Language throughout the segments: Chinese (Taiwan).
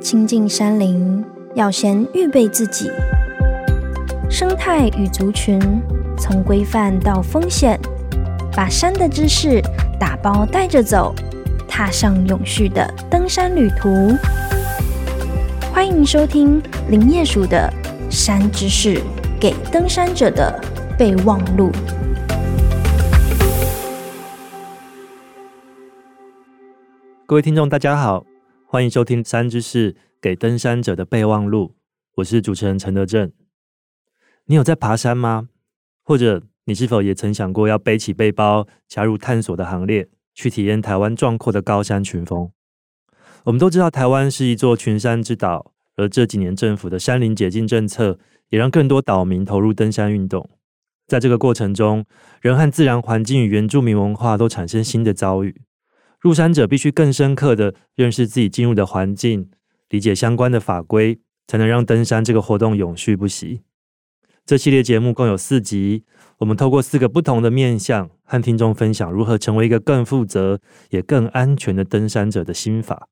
親近山林，要先預備自己。生態與族群，從規範到風險，把山的知識打包帶着走，踏上永續的登山旅途。歡迎收聽林業署的《山知識》，給登山者的備忘錄。各位聽眾，大家好。歡迎收聽《山之事》給登山者的備忘錄。我是主持人陳德政。你有在爬山嗎？或者你是否也曾想過要背起背包，加入探索的行列，去體驗台灣壯闊的高山群峰？我們都知道，台灣是一座群山之島，而這幾年政府的山林解禁政策，也讓更多島民投入登山運動。在這個過程中，人和自然環境與原住民文化都產生新的遭遇。入山者必須更深刻地認識自己進入的環境，理解相關的法規，才能讓登山這個活動永續不息。這系列節目共有四集，我們透過四個不同的面向，和聽眾分享如何成為一個更負責也更安全的登山者的心法。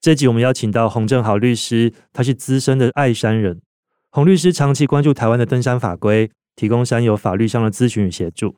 這集我們邀請到洪振豪律師，他是資深的愛山人，洪律師長期關注台灣的登山法規，提供山友法律上的諮詢與協助。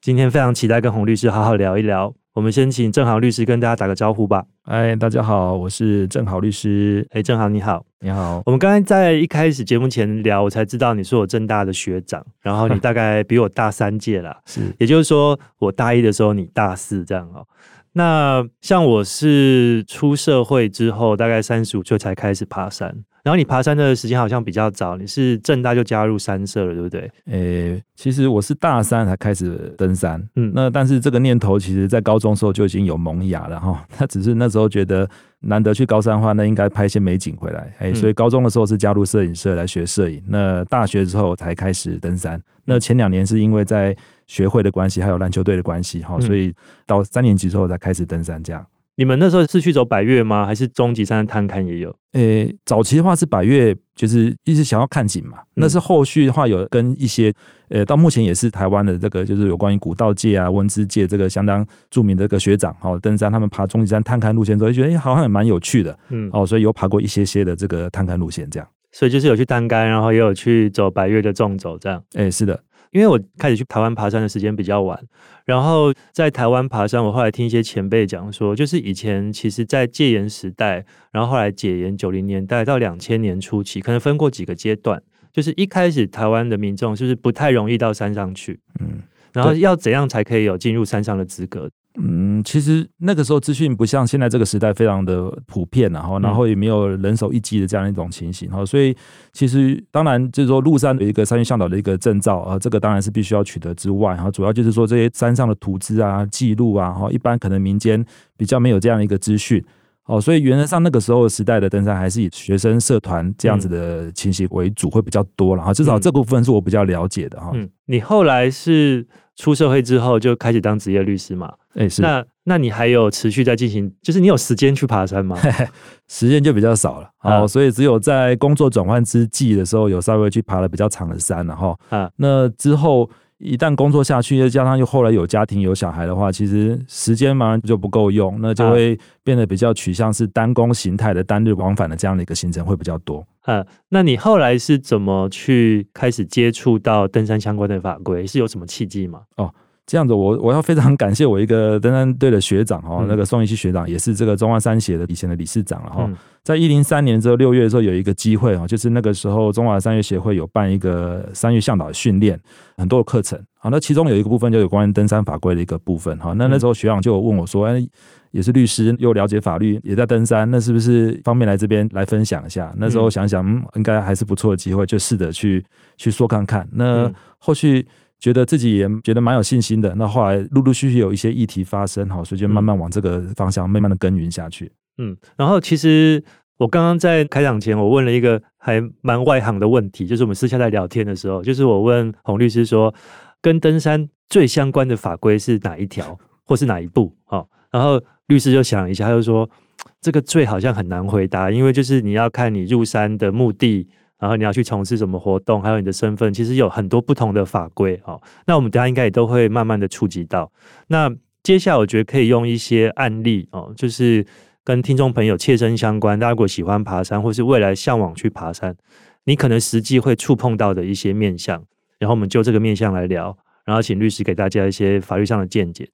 今天非常期待跟洪律師好好聊一聊。我們先請振豪律師跟大家打個招呼吧。哎，大家好，我是振豪律師。哎、欸，振豪你好，你好。你好。我們剛才在一開始節目前聊，我才知道你是我正大的學長，然後你大概比我大三屆啦。 是，也就是說我大一的時候你大四這樣哦、喔。那像我是出社會之後，大概三十五歲才開始爬山。然後你爬山的時間好像比較早，你是政大就加入山社了，對不對？誒、欸，其實我是大三才開始登山。嗯，那但是這個念頭其實在高中的時候就已經有萌芽了哈。那只是那時候覺得難得去高山的話，那應該拍些美景回來。哎、欸，所以高中的時候是加入攝影社來學攝影。嗯、那大學之後才開始登山。那前兩年是因為在學會的關係，還有籃球隊的關係哈，所以到三年級之後才開始登山這樣。你們那時候是去走百岳嗎？還是中級山的探勘也有？誒、欸，早期的話是百岳，就是一直想要看景嘛。嗯、那是後續的話有跟一些，呃、到目前也是台灣的這個，就是有關於古道界啊、文資界這個相當著名的一個學長哈，登、哦、山他們爬中級山探勘路線之後，覺得、欸、好，好像也蠻有趣的，嗯，哦，所以有爬過一些些的這個探勘路線這樣。所以就是有去探勘，然後也有去走百岳的縱走這樣。誒、欸，是的。因為我開始去台灣爬山的時間比較晚，然後在台灣爬山，我後來聽一些前輩講說，就是以前其實，在戒嚴時代，然後後來解嚴，九零年代到兩千年初期，可能分過幾個階段，就是一開始台灣的民眾就是，是不太容易到山上去，嗯，然後要怎樣才可以有進入山上的資格？嗯，其實那個時候資訊不像現在這個時代非常的普遍，然後然後也沒有人手一機的這樣一種情形，哈，所以其實當然就是說，露山，有一個山岳嚮導的一個證照啊，這個當然是必須要取得之外，哈，主要就是說這些山上的圖資啊、記錄啊，哈，一般可能民間比較沒有這樣的一個資訊哦，所以原則上那個時候時代的登山還是以學生社團這樣子的情形為主，嗯、會比較多了哈，至少這部分是我比較了解的哈、嗯。嗯，你後來是出社會之後就開始當職業律師嘛？欸、是，那那你還有持續在進行，就是你有時間去爬山嗎？ 時間就比較少了。哦啊、所以只有在工作轉換之際的時候，有稍微去爬了比較長的山了，然後啊，那之後一旦工作下去，又加上又後來有家庭有小孩的話，其實時間嘛就不夠用，那就會變得比較取向是單攻型態的單日往返的這樣的一個行程會比較多。啊，那你後來是怎麼去開始接觸到登山相關的法規？是有什麼契機嗎？哦。這樣子我，我我要非常感謝我一個登山隊的學長哈，嗯、那個宋一西學長也是這個中華山協的以前的理事長哈，嗯、在一零三年之後六月的時候有一個機會哈，就是那個時候中華山岳協會有辦一個山岳向導的訓練，很多的課程，好，那其中有一個部分就有關於登山法規的一個部分哈，那那時候學長就有問我說、欸，也是律師，又了解法律，也在登山，那是不是方便來這邊來分享一下？那時候想想，嗯、應該還是不錯的機會，就試着去去說看看，那、嗯、後續。覺得自己也覺得蠻有信心的，那後來陸陸續續有一些議題發生，哈，所以就慢慢往這個方向慢慢的耕耘下去。嗯，然後其實我剛剛在開場前，我問了一個還蠻外行的問題，就是我們私下在聊天的時候，就是我問洪律師說，跟登山最相關的法規是哪一條，或是哪一部？哈、哦，然後律師就想一下，他就說這個罪好像很難回答，因為就是你要看你入山的目的。然後你要去從事什麼活動，還有你的身份，其實有很多不同的法規哦。那我們大家應該也都會慢慢的觸及到。那接下來，我覺得可以用一些案例哦，就是跟聽眾朋友切身相關。大家如果喜歡爬山，或是未來向往去爬山，你可能實際會觸碰到的一些面向。然後我們就這個面向來聊，然後請律師給大家一些法律上的見解。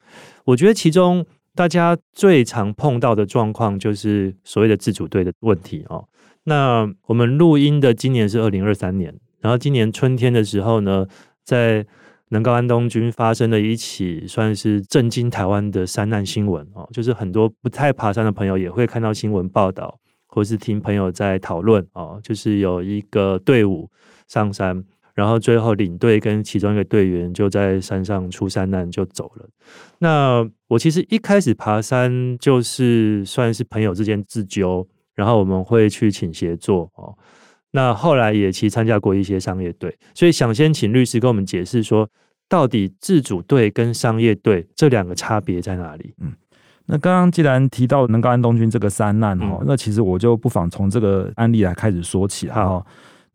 我覺得其中大家最常碰到的狀況，就是所謂的自組隊的問題哦。那我們錄音的今年是二零二三年，然後今年春天的時候呢，在能高安東軍发生了一起算是震驚台灣的山難新聞哦，就是很多不太爬山的朋友也會看到新聞報道，或是聽朋友在討論哦，就是有一個隊伍上山，然後最後領隊跟其中一個隊員就在山上出山難就走了。那我其實一開始爬山就是算是朋友之間自揪。然後我們會去請協作哦。那後來也其實參加過一些商業隊，所以想先請律師跟我們解釋說，到底自組隊跟商業隊這兩個差別在哪裡？嗯，那剛剛既然提到能高安東軍這個山難哈、哦，嗯、那其實我就不妨從這個案例來開始說起哈、哦。好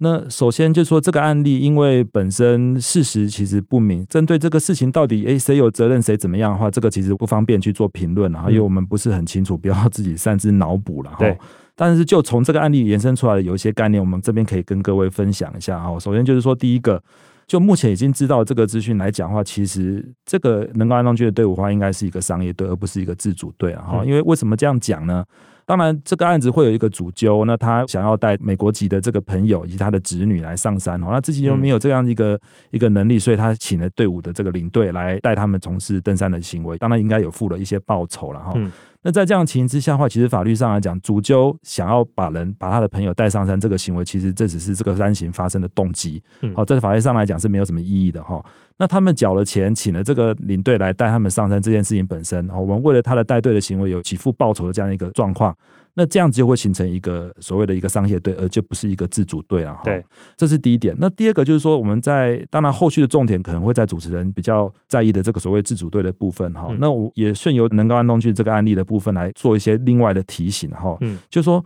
那首先就是說這個案例，因為本身事實其實不明，針對這個事情到底誒誰有責任誰怎麼樣的話，這個其實不方便去做評論了，然後因為我們不是很清楚，嗯、不要自己擅自腦補了哈。然後但是，就從這個案例延伸出來的有一些概念，我們這邊可以跟各位分享一下啊。首先就是說，第一個，就目前已經知道這個資訊來講的話，其實這個能高安東軍的隊伍的話，應該是一個商業隊，而不是一個自主隊啊。哈、嗯，因為為什麼這樣講呢？當然，這個案子會有一個主揪，那他想要帶美國籍的這個朋友以及他的子女來上山，那自己又沒有這樣一個、嗯、一個能力，所以他請了隊伍的這個領隊來帶他們從事登山的行為，當然應該有付了一些報酬了哈。嗯那在這樣情形之下的話，其實法律上來講，主揪想要把人把他的朋友帶上山這個行為，其實這只是這個山行發生的動機。好、嗯哦，在法律上來講是沒有什麼意義的哈、哦。那他們繳了錢，請了這個領隊來帶他們上山這件事情本身，哦、我們為了他的帶隊的行為有給付報酬的這樣一個狀況。那這樣子就會形成一個所謂的一個商業隊，而就不是一個自主隊了。對，這是第一點。那第二個就是說，我們在當然後續的重點可能會在主持人比較在意的這個所謂自主隊的部分哈。嗯、那我也順由能夠安東去這個案例的部分來做一些另外的提醒哈。嗯，就是說。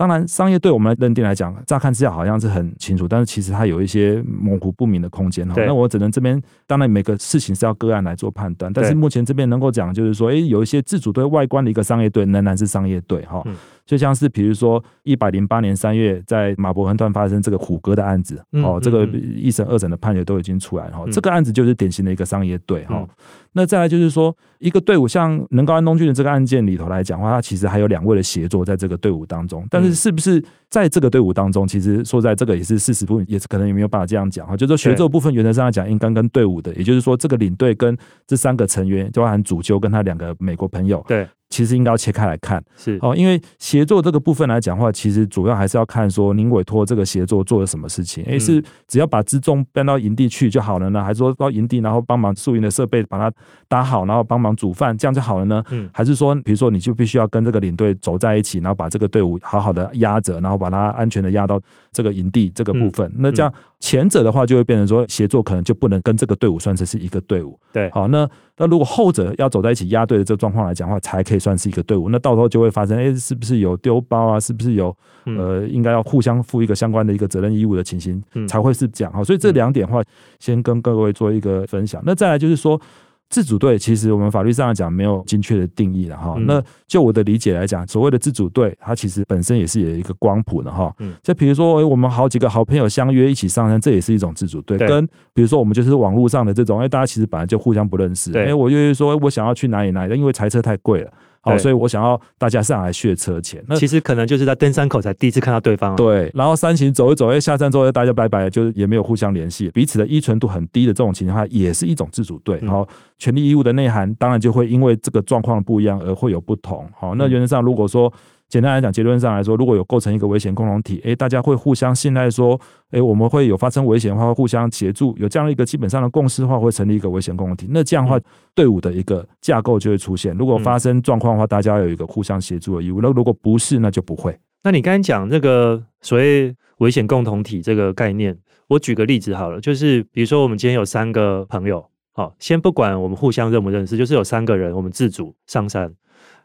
當然，商業隊我們來認定來講，乍看之下好像是很清楚，但是其實它有一些模糊不明的空間對 那我只能這邊，當然每個事情是要個案來做判斷，但是目前這邊能夠講就是說，有一些自主隊外觀的一個商業隊仍然是商業隊哈。就像是比如說，一百零八年三月，在馬博橫斷發生這個虎哥的案子、嗯，哦、嗯喔，這個一審、二審的判決都已經出來了。嗯、這個案子就是典型的一個商業隊、嗯喔、那再來就是說，一個隊伍像能高安東軍的這個案件裡頭來講的話，他其實還有兩位的協作在這個隊伍當中。但是是不是在這個隊伍當中，嗯、其實說實在這個也是事實部分，也是可能也沒有辦法這樣講就是說，協作部分原則上來講，應該跟隊伍的，對 也就是說，這個領隊跟這三個成員，就包含主揪跟他兩個美國朋友。對。其實應該要切開來看，是哦，因為協作這個部分來講的話，其實主要還是要看說您委託這個協作做了什麼事情。誒、嗯欸，是只要把輜重搬到營地去就好了呢？還是說到營地然後幫忙宿營的設備把它搭好，然後幫忙煮飯這樣就好了呢？嗯，還是說比如說你就必須要跟這個領隊走在一起，然後把這個隊伍好好的壓着，然後把它安全的壓到這個營地這個部分。嗯、那這樣前者的話就會變成說協作可能就不能跟這個隊伍算作是一個隊伍。對，好、哦，那那如果後者要走在一起壓隊的這個狀況來講的話，才可以。算是一個隊伍，那到時候就會發生，誒、欸，是不是有丟包啊？是不是有呃，應該要互相負一個相關的一個責任義務的情形，嗯、才會是這樣哈。所以這兩點的話，嗯、先跟各位做一個分享。那再來就是說，自組隊其實我們法律上來講沒有精確的定義了。哈、嗯。那就我的理解來講，所謂的自組隊，它其實本身也是有一個光譜的哈。嗯。就比如說、欸，我們好幾個好朋友相約一起上山，這也是一種自組隊。對。跟比如說，我們就是網絡上的這種、欸，大家其實本來就互相不認識。對欸、我就是說我想要去哪裡哪裡，因為車太貴了。好對、哦，所以我想要大家上來血車前。那其實可能就是在登山口才第一次看到對方。對，然後山行走一走，哎，下山之後大家拜拜，就是也沒有互相聯繫，彼此的依存度很低的這種情況下，也是一種自組隊，嗯、然後權利義務的內涵，當然就會因為這個狀況不一樣而會有不同。好、哦，那原則上如果說。嗯簡單來講，結論上來說，如果有構成一個危險共同體、欸，大家會互相信賴，說、欸，我們會有發生危險的話，會互相協助，有這樣一個基本上的共識的話，會成立一個危險共同體。那這樣的話，隊、嗯、伍的一個架構就會出現。如果發生狀況的話，大家有一個互相協助的義務。嗯、那如果不是，那就不會。那你剛才講這個所謂危險共同體這個概念，我舉個例子好了，就是比如說我們今天有三個朋友，好，先不管我們互相認不認識，就是有三個人，我們自主上山。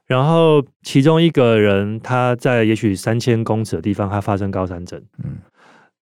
然後，其中一個人他在也許三千公尺的地方，他發生高山症。嗯，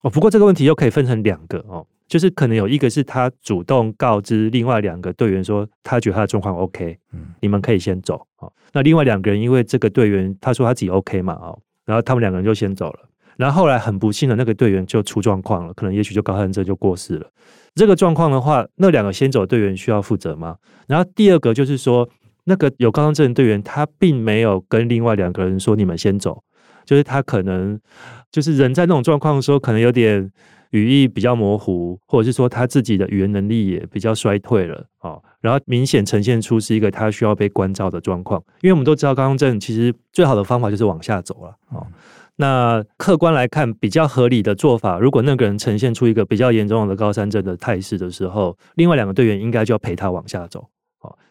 哦，不過這個問題又可以分成兩個哦，就是可能有一個是他主動告知另外兩個隊員說，他覺得他的狀況 OK，嗯，你們可以先走，哦，那另外兩個人因為這個隊員他說他自己 OK 嘛，哦，然後他們兩個人就先走了。然後後來很不幸的那個隊員就出狀況了，可能也許就高山症就過世了。這個狀況的話，那兩個先走的隊員需要負責嗎？然後第二個就是說。那個有高山症的隊員，他並沒有跟另外兩個人說，你們先走。就是他可能就是人在那種狀況的時候，可能有點語意比較模糊，或者是說他自己的語言能力也比較衰退了啊。然後明顯呈現出是一個他需要被關照的狀況，因為我們都知道高山症其實最好的方法就是往下走了啊。那客觀來看，比較合理的做法，如果那個人呈現出一個比較嚴重的高山症的態勢的時候，另外兩個隊員應該就要陪他往下走。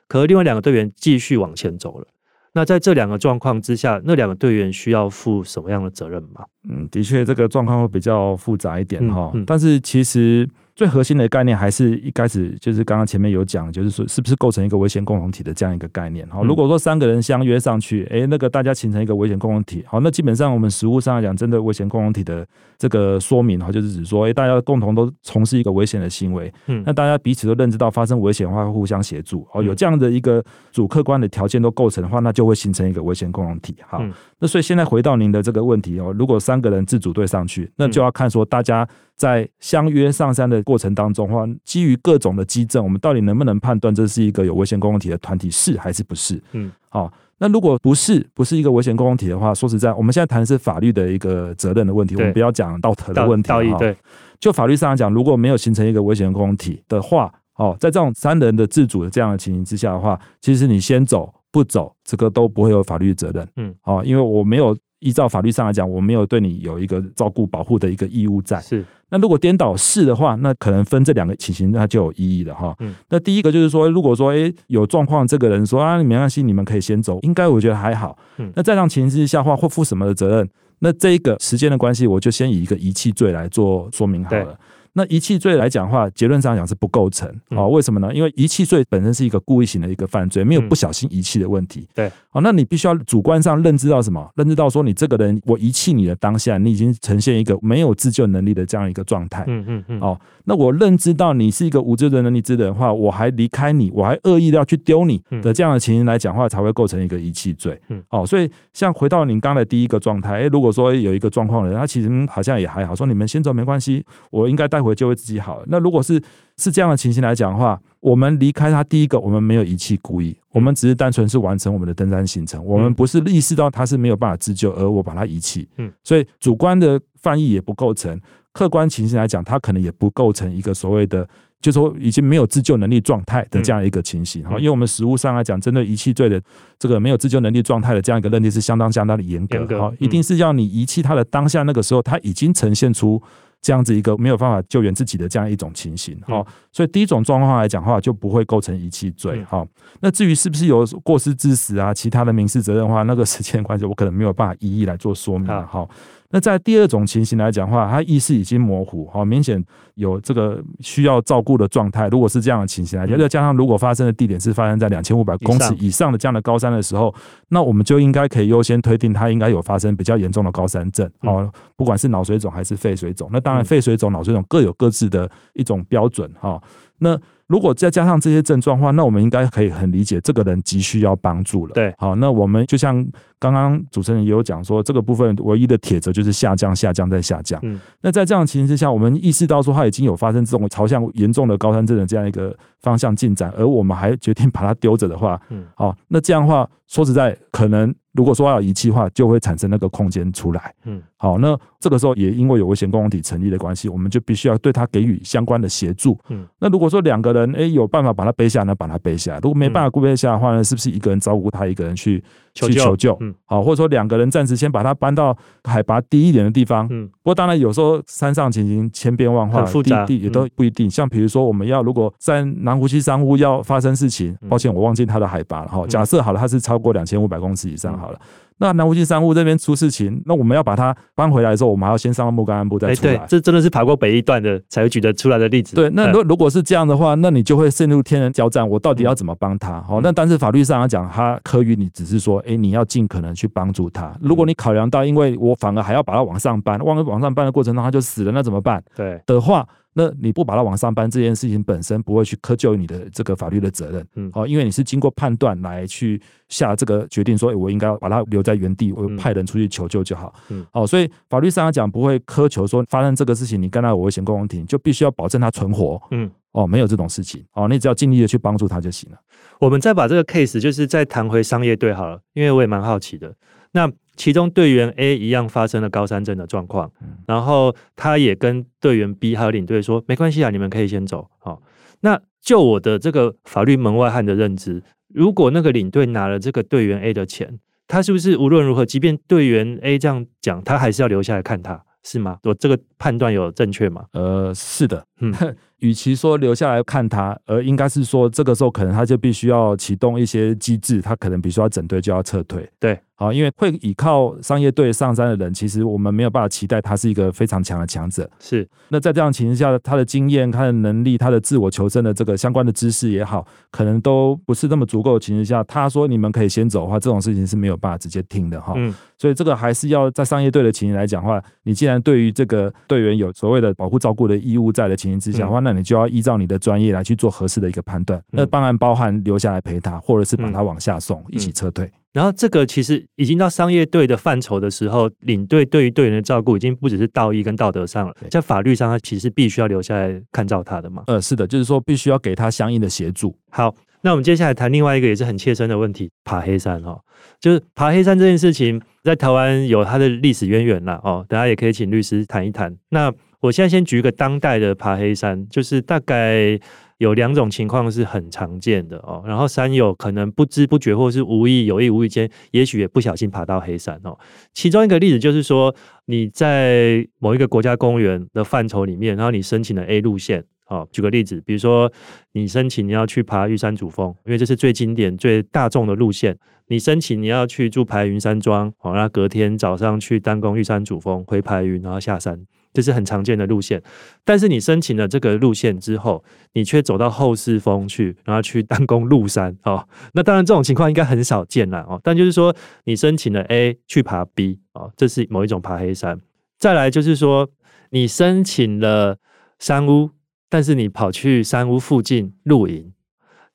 可另外兩個隊員繼續往前走了，那在這兩個狀況之下，那兩個隊員需要負什麼樣的責任嗎？嗯，的確這個狀況會比較複雜一點哈，嗯嗯，但是其實。最核心的概念還是一開始就是剛剛前面有講，就是說是不是構成一個危險共同體的這樣一個概念。好，如果說三個人相約上去，哎、欸，那個大家形成一個危險共同體，好，那基本上我們實務上來講，針對危險共同體的這個說明，哈，就是指說，哎、欸，大家共同都從事一個危險的行為，嗯，那大家彼此都認知到發生危險的話，互相協助，哦，有這樣的一個主客觀的條件都構成的話，那就會形成一個危險共同體。好，嗯、那所以現在回到您的這個問題哦，如果三個人自組隊上去，那就要看說大家。在相約上山的過程當中的話，或基於各種的跡證，我們到底能不能判斷這是一個有危險共同體的團體是還是不是？嗯、好、哦，那如果不是不是一個危險共同體的話，說實在，我們現在談的是法律的一個責任的問題，對 我們不要講道德的問題哈對。對、哦，就法律上來講，如果沒有形成一個危險共同體的話，哦，在這種三人的自主的這樣的情形之下的話，其實你先走不走，這個都不會有法律責任。嗯、好、哦，因為我沒有。依照法律上來講，我沒有對你有一個照顧保護的一個義務在。是，那如果顛倒是的話，那可能分這兩個情形，那就有意義了哈。嗯，那第一個就是說，如果說誒、欸、有狀況，這個人說啊，你沒關係，你們可以先走，應該我覺得還好。嗯，那再上情形之下的話，會負什麼的責任？那這一個時間的關係，我就先以一個遺棄罪來做說明好了。那遺棄罪來講的話，結論上講是不構成哦。為什麼呢？因為遺棄罪本身是一個故意性的一個犯罪，沒有不小心遺棄的問題。對，哦，那你必須要主觀上認知到什麼？認知到說你這個人，我遺棄你的當下，你已經呈現一個沒有自救能力的這樣一個狀態。嗯嗯嗯。哦，那我認知到你是一個無自救能力之人的話，我還離開你，我還惡意的要去丟你的這樣的情形來講的話，才會構成一個遺棄罪。嗯，哦，所以像回到你剛才第一個狀態，哎，如果說有一個狀況的人，他其實好像也還好，說你們先走沒關係，我應該帶回。就會自己好。那如果是是這樣的情形來講的話，我們離開他，第一個我們沒有遺棄故意，我們只是單純是完成我們的登山行程。我們不是意識到他是沒有辦法自救，而我把它遺棄。嗯，所以主觀的犯意也不構成。客觀情形來講，他可能也不構成一個所謂的，就是說已經沒有自救能力狀態的這樣一個情形。哈，因為我們實務上來講，針對遺棄罪的這個沒有自救能力狀態的這樣一個認定是相當相當的嚴格的。哈，一定是要你遺棄他的當下那個時候，他已經呈現出。這樣子一個沒有辦法救援自己的這樣一種情形，好，所以第一種狀況來講的話就不會構成遺棄罪，好。那至於是不是有過失致死啊，其他的民事責任的話，那個時間關係，我可能沒有辦法一一來做說明了，好。那在第二種情形來講的話，他意識已經模糊，好明顯有這個需要照顧的狀態。如果是這樣的情形來講，再、嗯、加上如果發生的地點是發生在兩千五百公尺以上的這樣的高山的時候，上那我們就應該可以優先推定他應該有發生比較嚴重的高山症。好、嗯哦，不管是腦水腫還是肺水腫，那當然肺水腫、嗯、腦水腫各有各自的一種標準。哈、哦，那如果再加上這些症狀的話，那我們應該可以很理解這個人急需要幫助了。對，好、哦，那我們就像。剛剛主持人也有講說，這個部分唯一的鐵則就是下降、下降、再下降。嗯、那在這樣的情形之下，我們意識到說它已經有發生這種朝向嚴重的高山症的這樣一個方向進展，而我們還決定把它丟着的話，好，嗯、那這樣的話說實在，可能如果說有遺棄的話，就會產生那個空間出來。好，嗯、那這個時候也因為有危險共同體成立的關係，我們就必須要對它給予相關的協助。嗯、那如果說兩個人、欸，有辦法把它背下那把它背下；如果沒辦法顧背下的話呢，是不是一個人照顧他，一個人去求救？求好，或者說兩個人暫時先把它搬到海拔低一點的地方。嗯，不過當然有時候山上情形千變萬化，複地地也都不一定。嗯、像比如說，我們要如果在南湖西山屋要發生事情，抱歉，我忘記它的海拔了哈。假設好了，它是超過兩千五百公尺以上好了。嗯嗯那南湖溪山屋這邊出事情，那我們要把它搬回來的時候，我們還要先上到木杆鞍部再出來。欸、對，這真的是爬過北一段的，才會舉得出來的例子。對，那如如果是這樣的話，嗯、那你就會陷入天人交戰。我到底要怎麼幫他？嗯、哦，那但是法律上來講，他課予你只是說，哎、欸，你要盡可能去幫助他。如果你考量到，嗯、因為我反而還要把它往上搬，往往上搬的過程中他就死了，那怎麼辦？對的話。那你不把它往上搬，這件事情本身不會去苛求你的這個法律的責任，嗯，哦，因為你是經過判斷來去下這個決定說，說我應該要把它留在原地，我派人出去求救就好，嗯，嗯哦，所以法律上來講不會苛求說發生這個事情，你跟他有危險共同體就必須要保證他存活，嗯，哦，沒有這種事情，哦，你只要盡力的去幫助他就行了。我們再把這個 case，就是再談回商業隊好了，因為我也蠻好奇的，那。其中隊員 A 一樣發生了高山症的狀況，然後他也跟隊員 B 還有領隊說：“沒關係啊，你們可以先走。”哦，好，那就我的這個法律門外漢的認知，如果那個領隊拿了這個隊員 A 的錢，他是不是無論如何，即便隊員 A 這樣講，他還是要留下來看他，是嗎？我這個判斷有正確嗎？呃，是的。嗯哼，與其說留下來看他，而應該是說這個時候可能他就必須要啟動一些機制，他可能比如說要整隊就要撤退，對，好，因為會依靠商業隊上山的人，其實我們沒有辦法期待他是一個非常強的強者。是，那在這樣情形下，他的經驗、他的能力、他的自我求生的這個相關的知識也好，可能都不是那麼足夠的情形下，他說你們可以先走的話，這種事情是沒有辦法直接聽的哈。嗯，所以這個還是要在商業隊的情形來講的話，你既然對於這個隊員有所謂的保護照顧的義務在的情。嗯、之下的話，那你就要依照你的專業來去做合適的一個判斷。嗯、那當然包含留下來陪他，或者是把他往下送，嗯、一起撤退，嗯嗯。然後這個其實已經到商業隊的範疇的時候，領隊對於隊員的照顧已經不只是道義跟道德上了，在對法律上他其實必須要留下來看照他的嘛。呃，是的，就是說必須要給他相應的協助。好，那我們接下來談另外一個也是很切身的問題——爬黑山哈、哦，就是爬黑山這件事情，在台灣有它的歷史淵源了哦。大家也可以請律師談一談。那。我現在先舉一個當代的爬黑山，就是大概有兩種情況是很常見的哦。然後山友可能不知不覺或是無意有意無意間，也許也不小心爬到黑山哦。其中一個例子就是說，你在某一個國家公園的範疇裡面，然後你申請了 A 路線哦。舉個例子，比如說你申請你要去爬玉山主峰，因為這是最經典、最大眾的路線。你申請你要去住排雲山莊，好，那隔天早上去單攻玉山主峰，回排雲，然後下山。這是很常見的路線，但是你申請了這個路線之後，你卻走到後世峰去，然後去當公鹿山哦，那當然這種情況應該很少見了哦。但就是說，你申請了 A 去爬 B 哦，這是某一種爬黑山。再來就是說，你申請了山屋，但是你跑去山屋附近露營，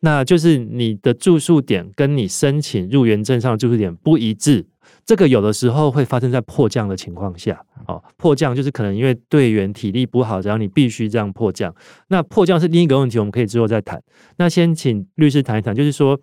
那就是你的住宿點跟你申請入園證上的住宿點不一致。這個有的時候會發生在迫降的情況下，哦，迫降就是可能因為隊員體力不好，然後你必須這樣迫降。那迫降是另一個問題，我們可以之後再談。那先請律師談一談，就是說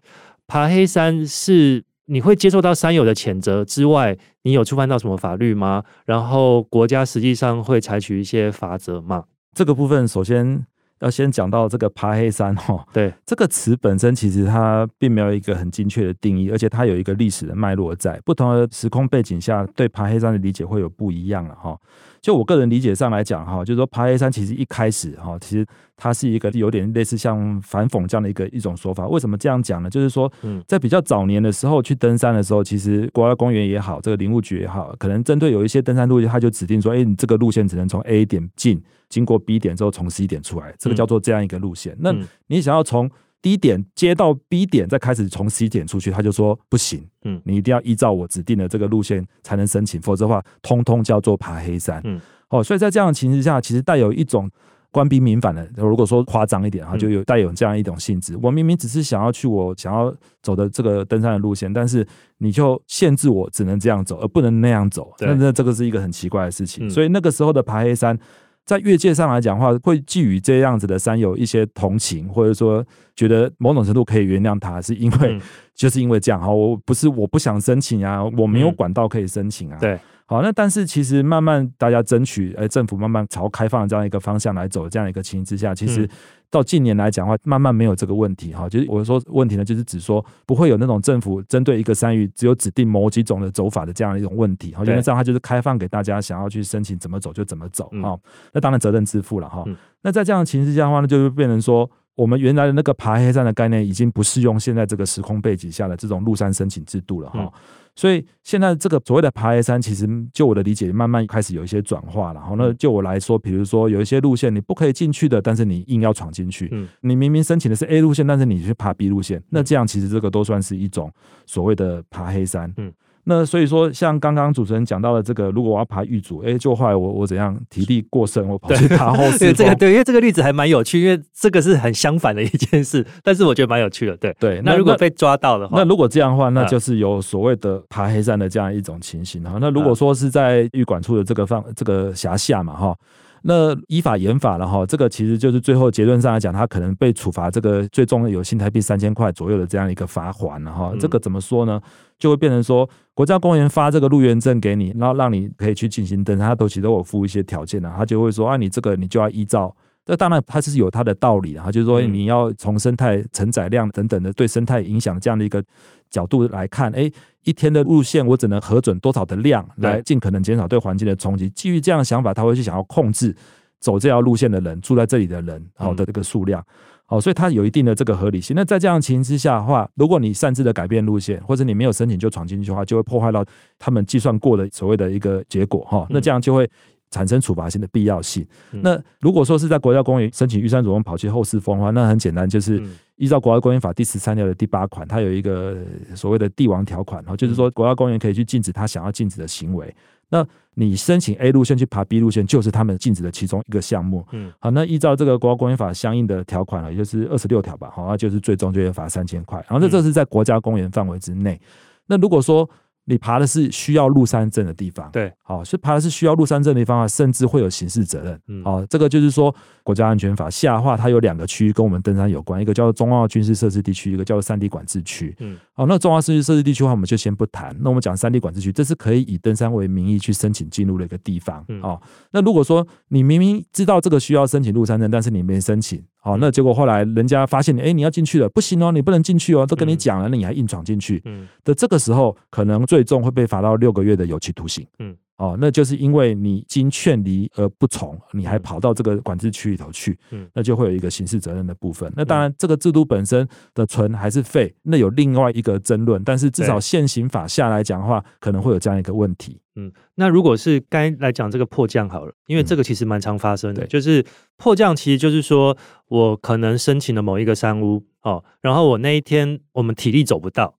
爬黑山是你會接受到山友的譴責之外，你有觸犯到什麼法律嗎？然後國家實際上會採取一些罰則嗎？這個部分首先。要先講到這個爬黑山哈、哦，對，這個詞本身其實它並沒有一個很精確的定義，而且它有一個歷史的脈絡在，不同的時空背景下，對爬黑山的理解會有不一樣了哈。就我個人理解上來講，哈，就是說爬黑山其實一開始，哈，其實它是一個有點類似像反諷這樣的一個一種說法。為什麼這樣講呢？就是說，在比較早年的時候去登山的時候，其實國家公園也好，這個林務局也好，可能針對有一些登山路線，他就指定說，哎、欸，你這個路線只能從 A 點進，經過 B 點之後從 C 點出來，這個叫做這樣一個路線。嗯、那你想要從。D 點接到 B 點，再開始從 C 點出去，他就說不行，嗯、你一定要依照我指定的這個路線才能申請，否則的話，通通叫做爬黑山。嗯哦、所以在這樣的情形下，其實帶有一種官逼民反的，如果說誇張一點，就有帶有這樣一種性質。嗯、我明明只是想要去，我想要走的這個登山的路線，但是你就限制我只能這樣走，而不能那樣走，對那那這個是一個很奇怪的事情。嗯、所以那個時候的爬黑山。在越界上來講的話，會寄予這樣子的山友一些同情，或者說覺得某種程度可以原諒他，是因為、嗯、就是因為這樣哈，我不是我不想申請啊，我沒有管道可以申請啊，嗯、對。好，那但是其實慢慢大家爭取、欸，政府慢慢朝開放的這樣一個方向來走，這樣一個情形之下，其實到近年來講的話，慢慢沒有這個問題哈。嗯、就是我說問題呢，就是指說不會有那種政府針對一個山域只有指定某幾種的走法的這樣一種問題。好，因為這樣它就是開放給大家想要去申請怎麼走就怎麼走哈、嗯哦。那當然責任自負了哈。哦嗯、那在這樣的情形之下的話呢，就變成說我們原來的那個爬黑山的概念已經不適用現在這個時空背景下的這種入山申請制度了哈。哦嗯所以現在這個所謂的爬黑山，其實就我的理解，慢慢開始有一些轉化然後，那就我來說，比如說有一些路線你不可以進去的，但是你硬要闖進去，你明明申請的是 A 路線，但是你去爬 B 路線，嗯、那這樣其實這個都算是一種所謂的爬黑山。嗯那所以說，像剛剛主持人講到的這個，如果我要爬玉組，哎、欸，就後來我我怎樣體力過剩，我跑去爬後山。對這個，對，因為這個例子還蠻有趣，因為這個是很相反的一件事，但是我覺得蠻有趣的，對。對，那，那如果被抓到的話，那如果這樣的話，那就是有所謂的爬黑山的這樣一種情形、啊、那如果說是在玉管處的這個方這個轄下嘛，哈。那依法嚴法了哈，這個其實就是最後結論上來講，他可能被處罰這個最終有新台幣三千塊左右的這樣一個罰鍰了哈。嗯、這個怎麼說呢？就會變成說，國家公園發這個入園證給你，然後讓你可以去進行登山，他都其實我附一些條件了、啊，他就會說啊，你這個你就要依照，這當然它是有它的道理的哈，就是說你要從生態承載量等等的對生態影響這樣的一個角度來看，誒。一天的路線，我只能核准多少的量，來盡可能減少對環境的衝擊。基於這樣想法，他會去想要控制走這條路線的人，住在這裡的人，好的這個數量，好、嗯哦，所以他有一定的這個合理性。那在這樣的情況之下的話，如果你擅自的改變路線，或者你沒有申請就闖進去的話，就會破壞到他們計算過的所謂的一個結果哈、哦。那這樣就會。產生處罰性的必要性。嗯、那如果說是在國家公園申請玉山主峰跑去後四峰的話，那很簡單，就是依照《國家公園法》第十三條的第八款，嗯、它有一個所謂的帝王條款，哈，就是說國家公園可以去禁止他想要禁止的行為。嗯、那你申請 A 路線去爬 B 路線，就是他們禁止的其中一個項目。嗯，好，那依照這個《國家公園法》相應的條款也就是二十六條吧，好，就是最終就要罰三千塊。然後這是在國家公園範圍之內。嗯、那如果說你爬的是需要入山證的地方，對，好、哦，是爬的是需要入山證的地方啊，甚至會有刑事責任。嗯，好、哦，這個就是說國家安全法下的話，它有兩個區域跟我們登山有關，一個叫做重要軍事設施地區，一個叫做山地管制區。嗯。哦，那重要軍事設施管制地區的話，我們就先不談。那我們講山地管制區，這是可以以登山為名義去申請進入的一個地方。嗯、哦，那如果說你明明知道這個需要申請入山證，但是你沒申請，哦，嗯、那結果後來人家發現你，哎、欸，你要進去了，不行哦，你不能進去哦，都跟你講了，那你還硬闖進去，嗯，的這個時候可能最終會被罰到六個月的有期徒刑，嗯。哦，那就是因為你經勸離而不從，你還跑到這個管制區裡頭去，嗯，那就會有一個刑事責任的部分。那當然，這個制度本身的存還是廢，那有另外一個爭論。但是至少現行法下來講的話，對可能會有這樣一個問題。嗯，那如果是該來講這個迫降好了，因為這個其實蠻常發生的，嗯、就是迫降，其實就是說我可能申請了某一個山屋哦，然後我那一天我們體力走不到。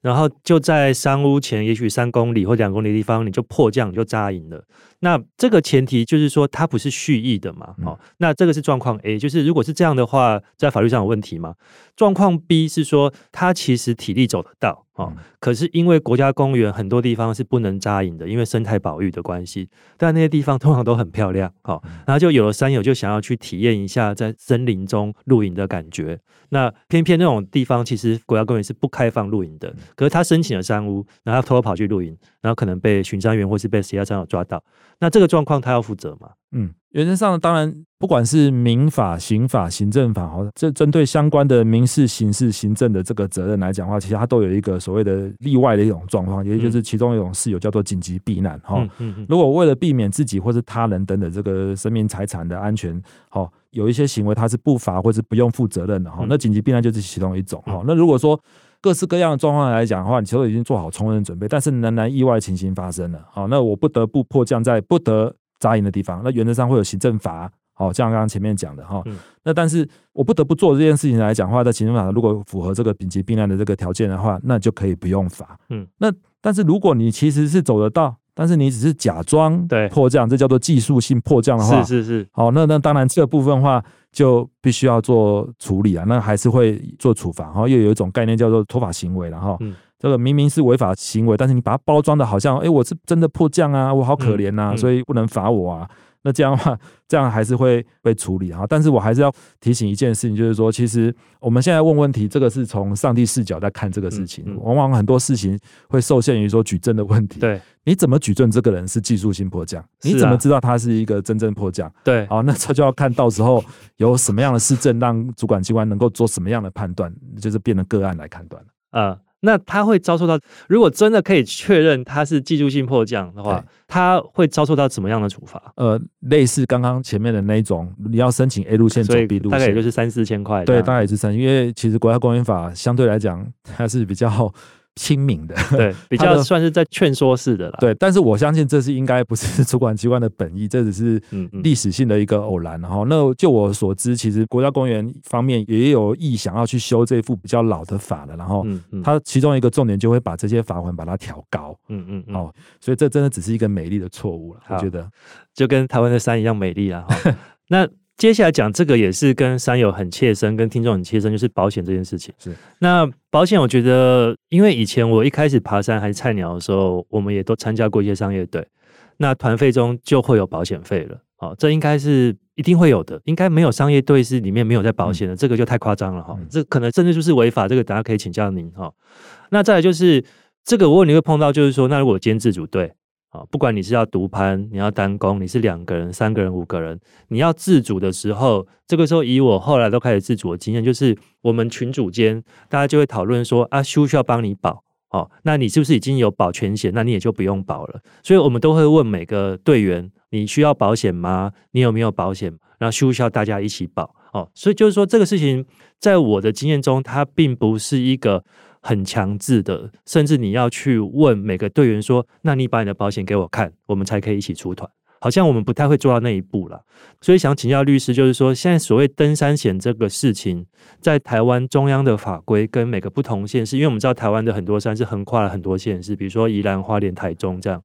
然後就在山屋前，也許三公里或兩公里的地方，你就迫降，你就紮營了。那這個前提就是說，他不是蓄意的嘛，嗯、哦，那這個是狀況 A，就是如果是這樣的話，在法律上有問題嗎？狀況 B 是說，他其實體力走得到。哦，可是因為國家公園很多地方是不能紮營的，因為生態保育的關係。但那些地方通常都很漂亮，好、哦，然後、嗯、就有了山友就想要去體驗一下在森林中露營的感覺。那偏偏那種地方其實國家公園是不開放露營的，可是他申請了山屋，然後他偷偷跑去露營，然後可能被巡山員或是被其他山友抓到，那這個狀況他要負責嗎？嗯，原則上當然，不管是民法、刑法、行政法，哈，這針對相關的民事、刑事、行政的這個責任來講的話，其實它都有一個所謂的例外的一種狀況，嗯、也就是其中一種事由叫做緊急避難，哈、嗯。嗯嗯、如果為了避免自己或是他人等等這個生命財產的安全，哈，有一些行為它是不罰或是不用負責任的哈。那緊急避難就是其中一種，哈、嗯。那如果說各式各樣的狀況來講的話，你其實已經做好充分準備，但是仍然意外情形發生了，好，那我不得不迫降在不得。紮營的地方，那原則上會有行政罰，好、哦，像剛剛前面講的哈。嗯、那但是我不得不做這件事情來講的話，在行政法如果符合這個緊急避難的這個條件的話，那就可以不用罰。嗯那。那但是如果你其實是走得到，但是你只是假裝對迫降，對 這叫做技術性迫降的話，是是是。好、哦。那那當然這個部分的話就必須要做處理啊，那還是會做處罰。然後又有一種概念叫做脫法行為，然後。嗯這個明明是違法行為，但是你把它包裝的好像，哎、欸，我是真的迫降啊，我好可憐吶、啊，嗯嗯、所以不能罰我啊。那這樣的話，這樣還是會被處理啊。但是我還是要提醒一件事情，就是說，其實我們現在問問題，這個是從上帝視角在看這個事情，嗯嗯，往往很多事情會受限於說舉證的問題。對，你怎麼舉證這個人是技術性迫降？啊、你怎麼知道他是一個真正迫降？對，啊，那這就要看到時候有什麼樣的事證，讓主管機關能夠做什麼樣的判斷，就是變成個案來判斷啊。呃那他會遭受到，如果真的可以確認他是技術性迫降的話，嗯、他會遭受到怎麼樣的處罰？呃，類似剛剛前面的那一種，你要申請 A 路線走 B 路線，大概也就是三四千塊。對，大概也是三，因為其實國家公園法相對來講，還是比較清明的，對，比較算是在勸說式的了，對。但是我相信這是應該不是主管機關的本意，這只是歷史性的一個偶然。然後，那就我所知，其實國家公園方面也有意想要去修這一副比較老的法的。然後，他其中一個重點就會把這些罰鍰把它調高。嗯嗯，嗯哦，所以這真的只是一個美麗的錯誤了。好我覺得就跟台灣的山一樣美麗啊、哦、 那。接下來講這個也是跟山友很切身，跟聽眾很切身，就是保險這件事情。是，那保險我覺得，因為以前我一開始爬山還是菜鳥的時候，我們也都參加過一些商業隊，那團費中就會有保險費了。哦，這應該是一定會有的，應該沒有商業隊是裡面沒有在保險的，嗯、這個就太誇張了哈。哦嗯、這可能甚至就是違法，這個大家可以請教您哈、哦。那再來就是這個，如果你會碰到，就是說，那如果監制組隊。啊、哦，不管你是要獨攀，你要單攻，你是兩個人、三個人、五個人，你要自主的時候，這個時候以我後來都開始自主的經驗，就是我們群組間大家就會討論說啊，需不需要幫你保？哦，那你是不是已經有保全險？那你也就不用保了。所以，我們都會問每個隊員，你需要保險嗎？你有沒有保險？然後需不需要大家一起保？哦，所以就是說，這個事情在我的經驗中，它並不是一個。很強制的，甚至你要去問每個隊員說：“那你把你的保險給我看，我們才可以一起出團。”好像我們不太會做到那一步了。所以想請教律師，就是說現在所謂登山險這個事情，在台灣中央的法規跟每個不同縣市，因為我們知道台灣的很多山是橫跨了很多縣市，比如說宜蘭、花蓮、台中這樣。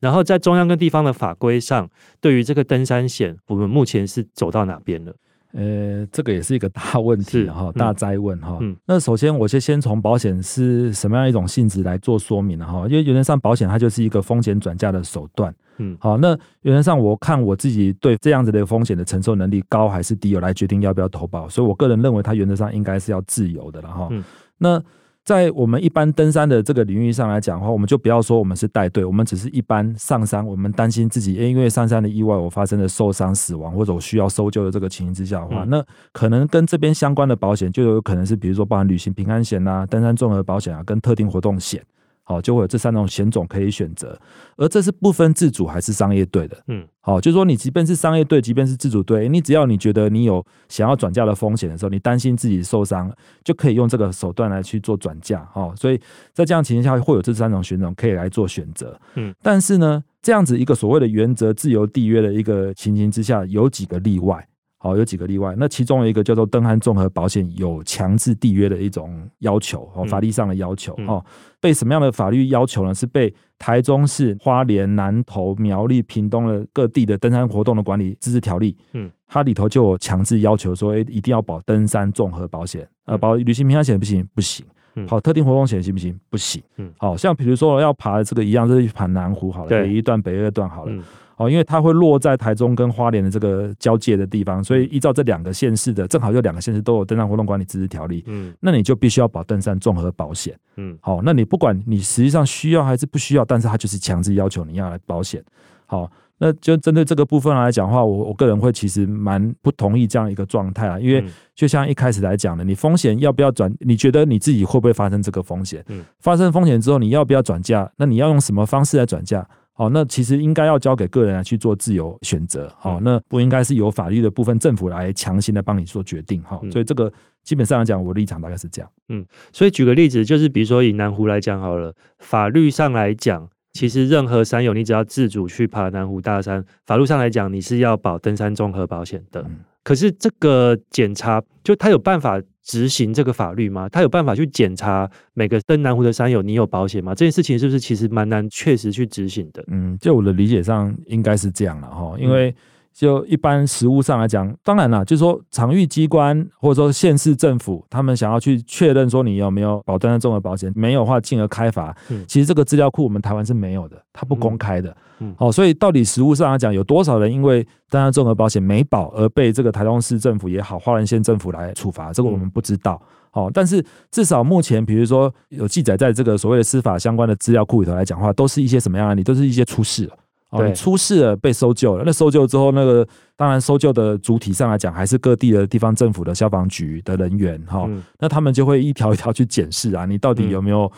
然後在中央跟地方的法規上，對於這個登山險，我們目前是走到哪邊了？呃、欸，這個也是一個大問題哈，嗯、大哉問哈。嗯、那首先，我先先從保險是什麼樣一種性質來做說明哈，因為原則上保險它就是一個風險轉嫁的手段。嗯，好，那原則上我看我自己對這樣子的風險的承受能力高還是低，有來決定要不要投保。所以我個人認為，它原則上應該是要自由的了哈。嗯、那在我們一般登山的這個領域上來講的話，我們就不要說我們是帶隊，我們只是一般上山。我們擔心自己、欸，因為上山的意外，我發生了受傷、死亡，或者我需要搜救的這個情形之下的話，嗯、那可能跟這邊相關的保險就有可能是，比如說包含旅行平安險吶、啊、登山綜合保險啊，跟特定活動險。好，就會有這三種險種可以選擇，而這是不分自主還是商業隊的。嗯，好，就是說你即便是商業隊，即便是自主隊，你只要你覺得你有想要轉嫁的風險的時候，你擔心自己受傷，就可以用這個手段來去做轉嫁。好，所以在這樣情形下，會有這三種險種可以來做選擇。嗯，但是呢，這樣子一個所謂的原則自由締約的一個情形之下，有幾個例外。好，有幾個例外，那其中有一個叫做登山綜合保險，有強制締約的一種要求哦，法律上的要求，嗯，哦，被什麼樣的法律要求呢？是被台中市、花蓮、南投、苗栗、屏東的各地的登山活動的管理自治條例，嗯，它裡頭就有強制要求說，一定要保登山綜合保險，呃，嗯，保旅行平安險不行，不行。好，特定活動險行不行？不行。好，像比如說要爬這個一樣，這是爬南湖好了，對北一段北二段好了。好、嗯，因為它會落在台中跟花蓮的這個交界的地方，所以依照這兩個縣市的，正好就兩個縣市都有登山活動管理自治條例。嗯、那你就必須要保登山綜合保險。嗯、好，那你不管你實際上需要還是不需要，但是它就是強制要求你要來保險。好。那就針對這個部分來講的話，我我個人會其實蠻不同意這樣一個狀態啊，因為就像一開始來講的，你風險要不要轉？你覺得你自己會不會發生這個風險？嗯，發生風險之後你要不要轉嫁？那你要用什麼方式來轉嫁？好、哦，那其實應該要交給個人來去做自由選擇。好、哦，嗯、那不應該是由法律的部分政府來強行的幫你做決定。好、哦，所以這個基本上來講，我立場大概是這樣。嗯，所以舉個例子，就是比如說以南湖來講好了，法律上來講。其實，任何山友，你只要自主去爬南湖大山，法律上來講，你是要保登山綜合保險的。嗯、可是，這個檢查就他有辦法執行這個法律嗎？他有辦法去檢查每個登南湖的山友，你有保險嗎？這件事情是不是其實蠻難確實去執行的？嗯，就我的理解上，應該是這樣了哈、哦，因為、嗯。就一般實務上來講，當然了，就是說，場域機關或者說縣市政府，他們想要去確認說你有沒有保登山綜合保險，沒有的話進而開罰。嗯、其實這個資料庫我們台灣是沒有的，它不公開的。好、嗯嗯哦，所以到底實務上來講，有多少人因為登山綜合保險沒保而被這個台中市政府也好、花蓮縣政府來處罰，這個我們不知道。好、嗯哦，但是至少目前，比如說有記載在這個所謂的司法相關的資料庫裡頭來講的話，都是一些什麼樣的案例？你都是一些出事。哦，出事了，被搜救了。那搜救之後，那個。當然，搜救的主體上來講，還是各地的地方政府的消防局的人員哈。嗯、那他們就會一條一條去檢視啊，你到底有沒有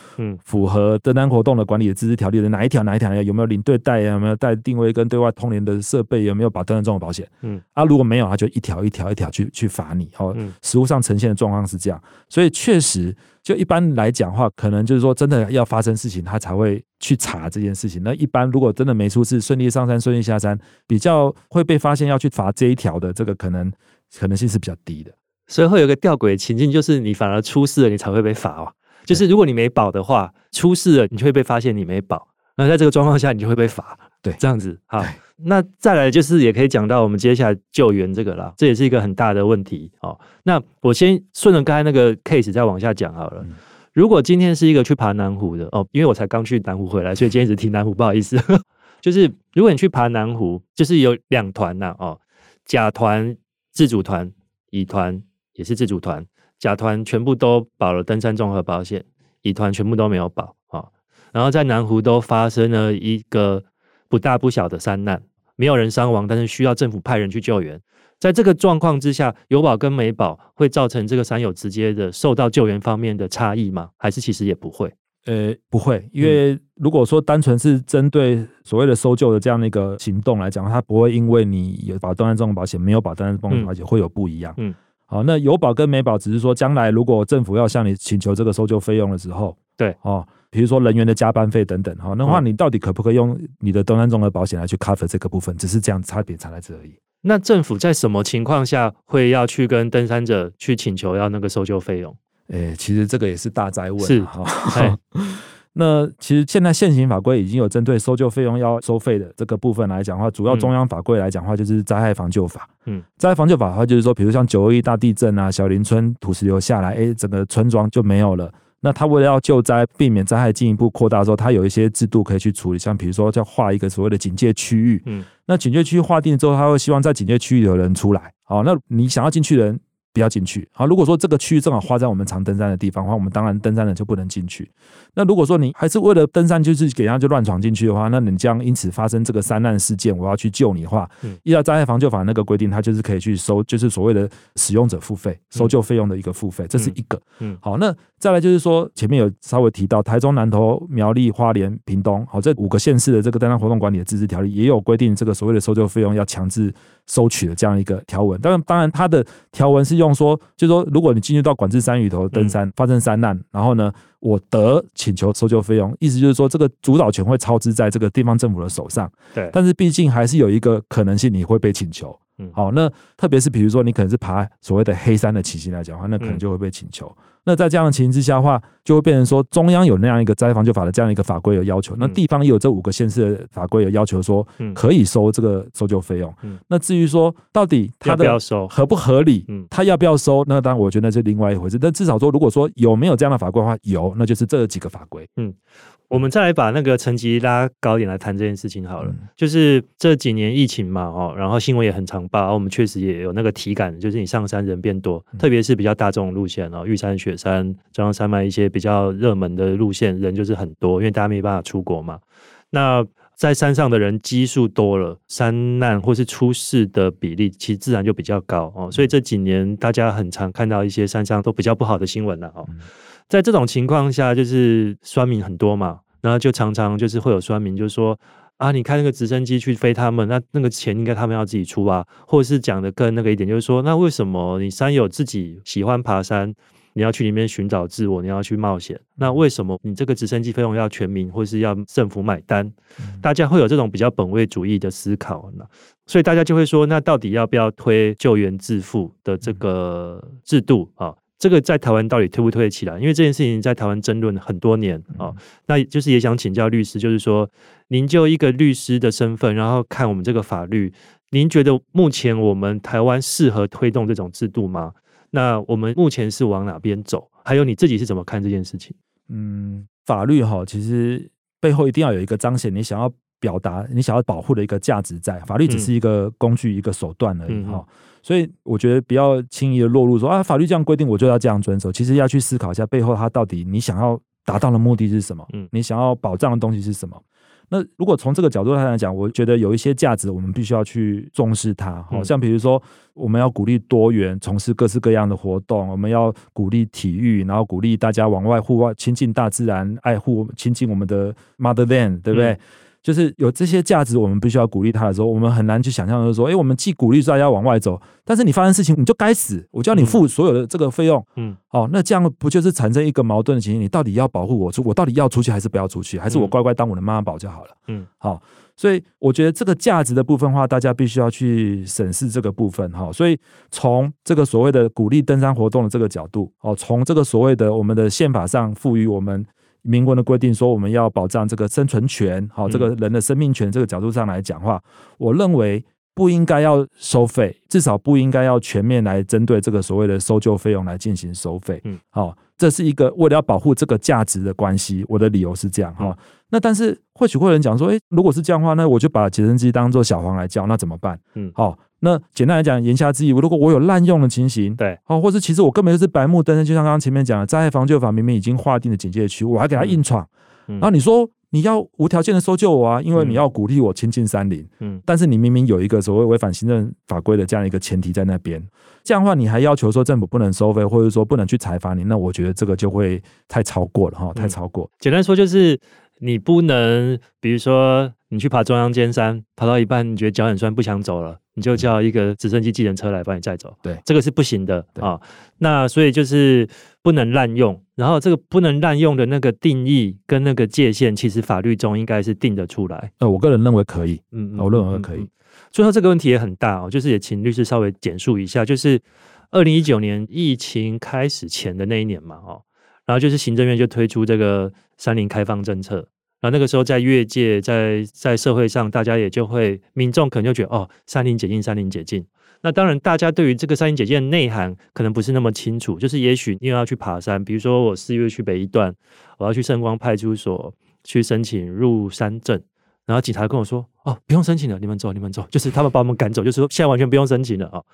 符合登山活動的管理的自治條例的哪一條哪一條，有沒有領隊帶？有沒有帶定位跟對外通聯的設備？有沒有保登山綜合保險？嗯啊，如果沒有他、啊、就一條一條一條去去罰你。哦，實務上呈現的狀況是這樣，所以確實就一般來講的話，可能就是說真的要發生事情，他才會去查這件事情。那一般如果真的沒出事，順利上山順利下山，比較會被發現要去。罰這一條的這個可能可能性，是比較低的，所以會有個弔詭情境，就是你反而出事了，你才會被罰、哦、對 就是如果你沒保的話，出事了，你就會被發現你沒保，那在這個狀況下，你就會被罰。對，這樣子。好，對 那再來就是也可以講到我們接下來救援這個了，這也是一個很大的問題哦。那我先順着剛才那個 case 再往下講好了。嗯、如果今天是一個去爬南湖的哦，因為我才剛去南湖回來，所以今天只提南湖， 不好意思。就是如果你去爬南湖，就是有兩團吶、啊，哦，甲團自組團，乙團也是自組團，甲團全部都保了登山綜合保險，乙團全部都沒有保啊、哦。然後在南湖都發生了一個不大不小的山難，沒有人傷亡，但是需要政府派人去救援。在這個狀況之下，有保跟沒保會造成這個山友直接的受到救援方面的差異嗎？還是其實也不會？呃、欸，不會，因為如果說單純是針對所謂的搜救的這樣的一個行動來講，它不會因為你有保登山綜合保險，沒有保登山綜合保險、嗯、會有不一樣。嗯，好，那有保跟沒保，只是說將來如果政府要向你請求這個搜救費用的時候，對，哦，比如說人員的加班費等等，哈，那話你到底可不可以用你的登山綜合保險來去 cover 這個部分？嗯、只是這樣差別差在這而已。那政府在什麼情況下會要去跟登山者去請求要那個搜救費用？哎、欸，其實這個也是大哉問，哈。那其實現在現行法規已經有針對搜救費用要收費的這個部分來講的話，主要中央法規來講的話就是《災害防救法》。嗯，《災害防救法》的話就是說，比如像九二一大地震啊，小林村土石流下來，哎、欸，整個村莊就沒有了。那他為了要救災，避免災害進一步擴大的時候，他有一些制度可以去處理，像比如說叫劃一個所謂的警戒區域。嗯，那警戒區域劃定之後，他會希望在警戒區域有人出來。好、哦，那你想要進去的人？不要進去。好，如果說這個區域正好花在我們常登山的地方的話，我們當然登山的就不能進去。那如果說你還是為了登山，就是給人家就亂闖進去的話，那你將因此發生這個山難事件，我要去救你的話，依照災害防救法那個規定，它就是可以去收，就是所謂的使用者付費、搜救費用的一個付費，這是一個。嗯，好，那再來就是說前面有稍微提到台中、南投、苗栗、花蓮、屏東，好，這五個縣市的這個登山活動管理的自治條例也有規定，這個所謂的搜救費用要強制收取的這樣一個條文。當然，當然它的條文是。用說，就是說，如果你進入到管制山裡頭登山，嗯、發生山難，然後呢，我得請求搜救費用，意思就是說，這個主導權會操之在這個地方政府的手上。對，但是畢竟還是有一個可能性，你會被請求。好、嗯哦，那特別是比如說你可能是爬所謂的黑山的情形來講的話，那可能就會被請求。嗯、那在這樣的情形之下的話，就會變成說中央有那樣一個災防救法的這樣一個法規的要求，嗯、那地方也有這五個縣市的法規的要求，說可以收這個搜救費用。嗯、那至於說到底他的要不要收合不合理，嗯、他要不要收，那當然我覺得是另外一回事。但至少說，如果說有沒有這樣的法規的話，有，那就是這幾個法規。嗯。我們再來把那個層級拉高一點來談這件事情好了。就是這幾年疫情嘛，哦，然後新聞也很常報啊，我們確實也有那個體感，就是你上山人變多，特別是比較大眾的路線哦，玉山、雪山、中央山脈一些比較熱門的路線，人就是很多，因為大家沒辦法出國嘛。那在山上的人基數多了，山難或是出事的比例其實自然就比較高哦，所以這幾年大家很常看到一些山上都比較不好的新聞了哦。嗯在這種情況下，就是酸民很多嘛，然後就常常就是會有酸民，就是說啊，你開那個直升機去飛他們，那那個錢應該他們要自己出啊。或者是講的更那個一點，就是說，那為什麼你山友自己喜歡爬山，你要去裡面尋找自我，你要去冒險，那為什麼你這個直升機費用要全民或是要政府買單？嗯、大家會有這種比較本位主義的思考呢？所以大家就會說，那到底要不要推救援自付的這個制度啊？這個在台灣到底推不推得起來？因為這件事情在台灣爭論很多年啊、嗯哦，那就是也想請教律師，就是說，您就一個律師的身份，然後看我們這個法律，您覺得目前我們台灣適合推動這種制度嗎？那我們目前是往哪邊走？還有你自己是怎麼看這件事情？嗯，法律哈，其實背後一定要有一個彰顯你想要表達、你想要保護的一個價值在，法律只是一個工具、嗯、一個手段而已哈。嗯嗯所以我覺得不要輕易的落入說啊，法律這樣規定，我就要這樣遵守。其實要去思考一下背後它到底你想要達到的目的是什麼，嗯，你想要保障的東西是什麼。那如果從這個角度上來講，我覺得有一些價值，我們必須要去重視它。好、嗯、像比如說，我們要鼓勵多元從事各式各樣的活動，我們要鼓勵體育，然後鼓勵大家往外戶外親近大自然，愛護親近我們的 Motherland，對不對？嗯就是有這些價值，我們必須要鼓勵他的時候，我們很難去想象就是說，誒，我們既鼓勵大家往外走，但是你發生事情你就該死，我叫你付所有的這個費用，嗯，哦，那這樣不就是產生一個矛盾的情形？你到底要保護我出，我到底要出去還是不要出去？還是我乖乖當我的媽寶就好了，嗯，好，所以我覺得這個價值的部分的話，大家必須要去審視這個部分哈、哦。所以從這個所謂的鼓勵登山活動的這個角度，哦，從這個所謂的我們的憲法上賦予我們。明文的規定說，我們要保障這個生存權，好、哦，這個人的生命權這個角度上來講的話，嗯、我認為不應該要收費，至少不應該要全面來針對這個所謂的搜救費用來進行收費。嗯，好、哦。這是一個為了要保護這個價值的關係，我的理由是這樣哈。嗯、那但是或許會有人講說，哎、欸，如果是這樣的話，那我就把直升機當做小黃來叫，那怎麼辦？嗯，好、哦。那簡單來講，言下之意，如果我有濫用的情形，對，哦，或是其實我根本就是白目登山，就像剛剛前面講的災害防救法明明已經劃定了警戒區，我還給他硬闖，嗯、然後你說。你要無條件的搜救我啊，因為你要鼓勵我親近山林，嗯，嗯，但是你明明有一個所謂違反行政法規的這樣一個前提在那邊，這樣的話你還要求說政府不能收費，或者說不能去裁罰你，那我覺得這個就會太超過了哈，太超過，嗯。簡單說就是你不能，比如說你去爬中央尖山，爬到一半你覺得腳很酸，不想走了。就叫一個直升機、計程車來幫你載走，對、嗯，這個是不行的啊對、哦。那所以就是不能濫用，然後這個不能濫用的那個定義跟那個界限，其實法律中應該是定得出來。那、哦、我個人認為可以，嗯嗯，哦、我認為可以。最後、嗯嗯嗯嗯、這個問題也很大哦，就是也請律師稍微簡述一下，就是二零一九年疫情開始前的那一年嘛，哦，然後就是行政院就推出這個山林開放政策。然後、啊、那個時候在越界，在在社會上，大家也就會民眾可能就覺得哦，山林解禁，山林解禁。那當然，大家對於這個山林解禁的內涵可能不是那麼清楚。就是也許因為要去爬山，比如說我四月去北一段，我要去聖光派出所去申請入山證，然後警察跟我說哦，不用申請了，你們走，你們走，就是他們把我們趕走，就是說現在完全不用申請了啊、哦。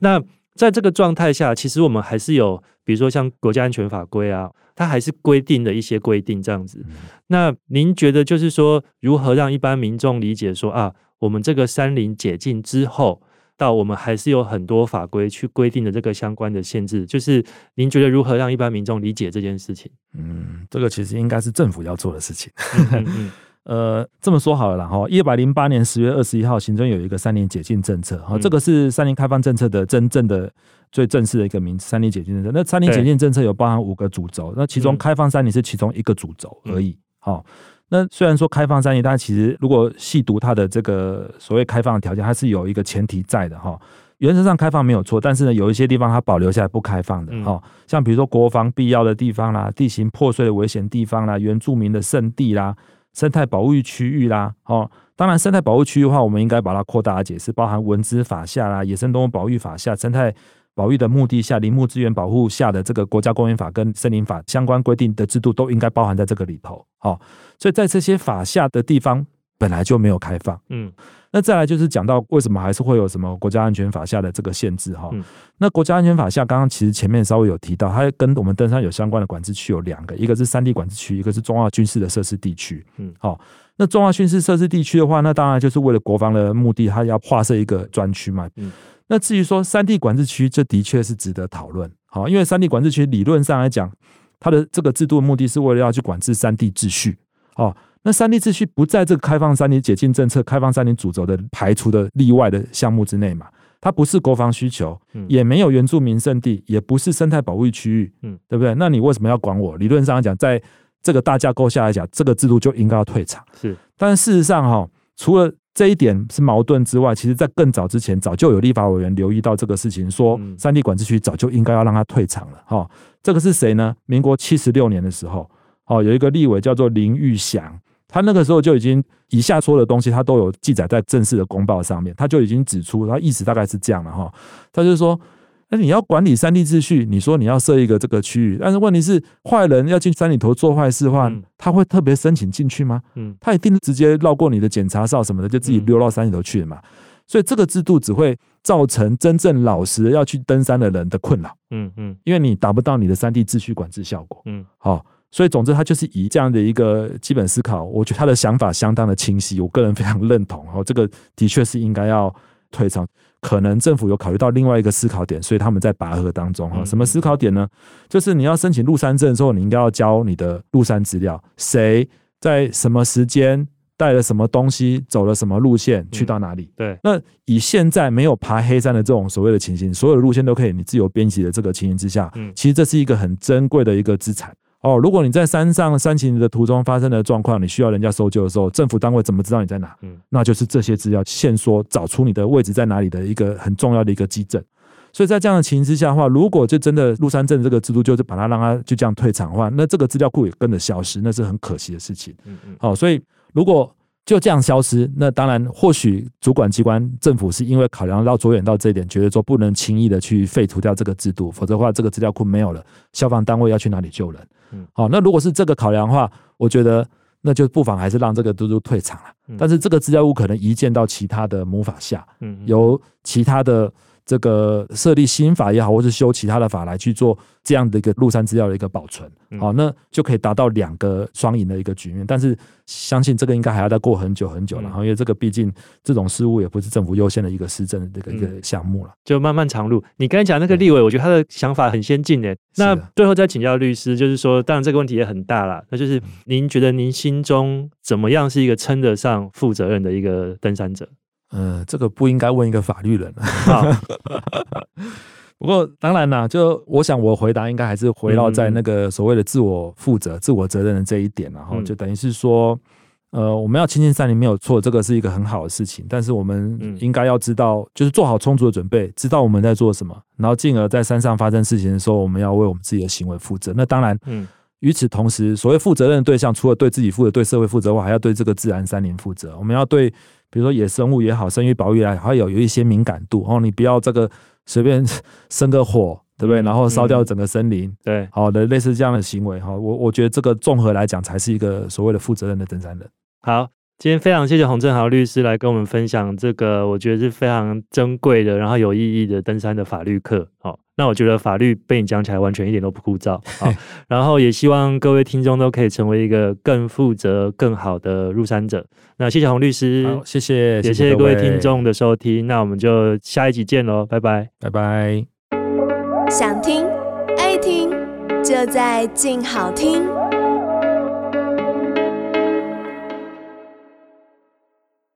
那。在這個狀態下，其實我們還是有，比如說像國家安全法規啊，它還是規定的一些規定這樣子。嗯、那您覺得，就是說如何讓一般民眾理解說啊，我們這個山林解禁之後，到我們還是有很多法規去規定的這個相關的限制，就是您覺得如何讓一般民眾理解這件事情？嗯，這個其實應該是政府要做的事情。 嗯嗯呃，這麼說好了啦哈，一百零八年十月二十一號，行政有一個山林解禁政策哈，嗯、這個是山林開放政策的真正的最正式的一個名字——山林解禁政策。那山林解禁政策有包含五個主軸，欸、那其中開放山林是其中一個主軸而已。好、嗯嗯，那雖然說開放山林，但其實如果細讀它的這個所謂開放的條件，它是有一個前提在的哈。原則上開放沒有錯，但是呢，有一些地方它保留下來不開放的哈、嗯，像比如說國防必要的地方啦、地形破碎的危險地方啦、原住民的聖地啦。生態保育區域啦，哦，當然生態保護區域的話，我們應該把它擴大解釋，包含《文資法》下啦、野生動物保育法下、生態保育的目的下、林木資源保護下的這個國家公園法跟森林法相關規定的制度，都應該包含在這個裡頭。好、哦，所以在這些法下的地方。本來就沒有開放，嗯，那再來就是講到為什麼還是會有什麼國家安全法下的這個限制哈，嗯、那國家安全法下，剛剛其實前面稍微有提到，它跟我們登山有相關的管制區有兩個，一個是山地管制區，一個是重要軍事的設施地區，嗯，好，那重要軍事設施地區的話，那當然就是為了國防的目的，它要劃設一個專區嘛，嗯，那至於說山地管制區，這的確是值得討論，好，因為山地管制區理論上來講，它的這個制度的目的是為了要去管制山地秩序，哦。那山地秩序不在這個開放山地解禁政策，開放山地主軸的排除的例外的項目之內嘛？它不是國防需求，嗯、也沒有原住民聖地，也不是生態保護區域，嗯，對不對？那你為什麼要管我？理論上講，在這個大架構下來講，這個制度就應該要退場。是，但是事實上哈，哦，除了這一點是矛盾之外，其實在更早之前，早就有立法委員留意到這個事情，說山地管制區早就應該要讓它退場了。哈，哦，這個是誰呢？民國七十六年的時候，哦，有一個立委叫做林玉祥。他那個時候就已經以下說的東西，他都有記載在正式的公報上面。他就已經指出，他意思大概是這樣了。哈。他就是說、欸，那你要管理山地秩序，你說你要設一個這個區域，但是問題是，壞人要進山裡頭做壞事的話，他會特別申請進去嗎？他一定直接繞過你的檢查哨什麼的，就自己溜到山裡頭去了嘛。所以這個制度只會造成真正老實要去登山的人的困擾。嗯嗯，因為你達不到你的山地秩序管制效果。嗯，好。所以，總之，他就是以這樣的一個基本思考，我覺得他的想法相當的清晰，我個人非常認同。哈，這個的確是應該要退場。可能政府有考慮到另外一個思考點，所以他們在拔河當中，哈，什麼思考點呢？就是你要申請入山證的時候，你應該要交你的入山資料，誰在什麼時間帶了什麼東西，走了什麼路線，去到哪裡？對。那以現在沒有爬黑山的這種所謂的情形，所有的路線都可以你自由編輯的這個情形之下，嗯，其實這是一個很珍貴的一個資產。哦，如果你在山上山行的途中發生了狀況，你需要人家搜救的時候，政府單位怎麼知道你在哪？嗯、那就是這些資料線索，找出你的位置在哪裡的一個很重要的一個基準。所以在這樣的情形之下的話，如果就真的入山證這個制度，就是把它讓它就這樣退場的話，那這個資料庫也跟着消失，那是很可惜的事情。嗯嗯，好、哦，所以如果。就這樣消失？那當然，或許主管機關政府是因為考量到著眼到這一點，覺得說不能輕易的去廢除掉這個制度，否則的話，這個資料庫沒有了，消防單位要去哪裡救人？嗯，好、哦，那如果是這個考量的話，我覺得那就不妨還是讓這個嘟嘟退場了。嗯、但是這個資料庫可能移建到其他的母法下，由、嗯、哼其他的。這個設立新法也好，或是修其他的法來去做這樣的一個入山資料的一個保存，好、嗯哦，那就可以達到兩個雙贏的一個局面。但是，相信這個應該還要再過很久很久了，嗯、因為這個畢竟這種事務也不是政府優先的一個施政的一個一個項目了，就漫漫長路。你剛才講那個立委，我覺得他的想法很先進的、嗯、那最後再請教律師，就是說，當然這個問題也很大啦，那就是您覺得您心中怎麼樣是一個稱得上負責任的一個登山者？嗯，這個不應該問一個法律人。好 不過，當然啦，就我想，我回答應該還是圍繞在那個所謂的自我負責、嗯、自我責任的這一點，然後、嗯、就等於是說，呃，我們要親近山林沒有錯，這個是一個很好的事情。但是，我們應該要知道，嗯、就是做好充足的準備，知道我們在做什麼，然後進而在山上發生事情的時候，我們要為我們自己的行為負責。那當然，與、嗯、此同時，所謂負責任的對象，除了對自己負責、對社會負責外，還要對這個自然山林負責。我們要對。比如說野生物也好，生於保育來，還有有一些敏感度，哦。你不要這個隨便生個火，對不對？嗯、然後燒掉整個森林，嗯、對，好的、哦，類似這樣的行為哈、哦，我我覺得這個綜合來講才是一個所謂的負責任的登山人。好。今天非常謝謝洪振豪律師來跟我們分享這個，我覺得是非常珍貴的，然後有意義的登山的法律課。好、哦，那我覺得法律被你講起來完全一點都不枯燥。好嘿、哦，然後也希望各位聽眾都可以成為一個更負責、更好的入山者。那謝謝洪律師，謝謝，謝謝各位,謝謝各位聽眾的收聽。那我們就下一集見嘍，拜拜，拜拜。想聽愛聽，就在鏡好聽。